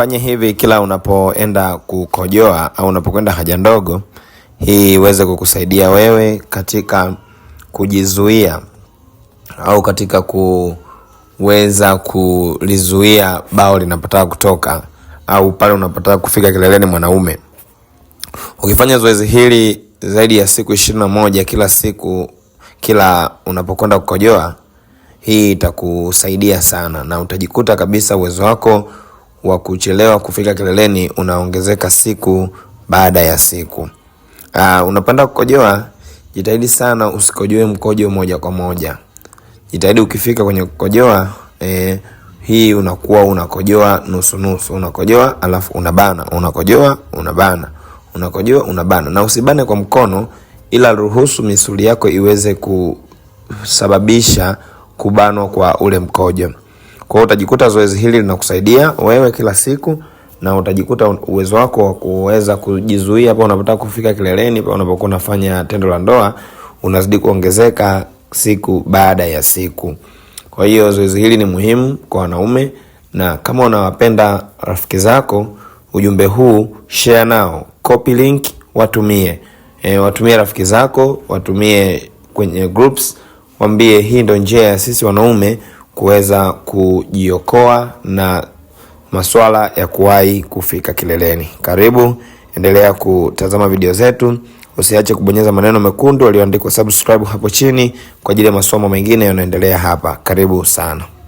ufanye hivi kila unapoenda kukojoa au unapokwenda haja ndogo, hii iweze kukusaidia wewe katika kujizuia au katika kuweza kulizuia bao linapotaka kutoka au pale unapotaka kufika kileleni mwanaume. Ukifanya zoezi hili zaidi ya siku ishirini na moja kila siku, kila unapokwenda kukojoa, hii itakusaidia sana na utajikuta kabisa uwezo wako wa kuchelewa kufika kileleni unaongezeka siku baada ya siku. Uh, ah, unapanda kukojoa, jitahidi sana usikojoe mkojo moja kwa moja. Jitahidi ukifika kwenye kukojoa eh, hii unakuwa unakojoa nusu nusu, unakojoa alafu unabana, unakojoa unabana, unakojoa unabana, na usibane kwa mkono, ila ruhusu misuli yako iweze kusababisha kubanwa kwa ule mkojo. Kwa hiyo utajikuta zoezi hili linakusaidia wewe kila siku na utajikuta uwezo wako wa kuweza kujizuia pale unapotaka kufika kileleni, pale unapokuwa unafanya tendo la ndoa unazidi kuongezeka siku baada ya siku. Kwa hiyo zoezi hili ni muhimu kwa wanaume, na kama unawapenda rafiki zako, ujumbe huu share nao, copy link watumie. E, watumie rafiki zako, watumie kwenye groups, wambie hii ndio njia ya sisi wanaume kuweza kujiokoa na masuala ya kuwahi kufika kileleni. Karibu, endelea kutazama video zetu. Usiache kubonyeza maneno mekundu yaliyoandikwa subscribe hapo chini kwa ajili ya masomo mengine yanayoendelea hapa. Karibu sana.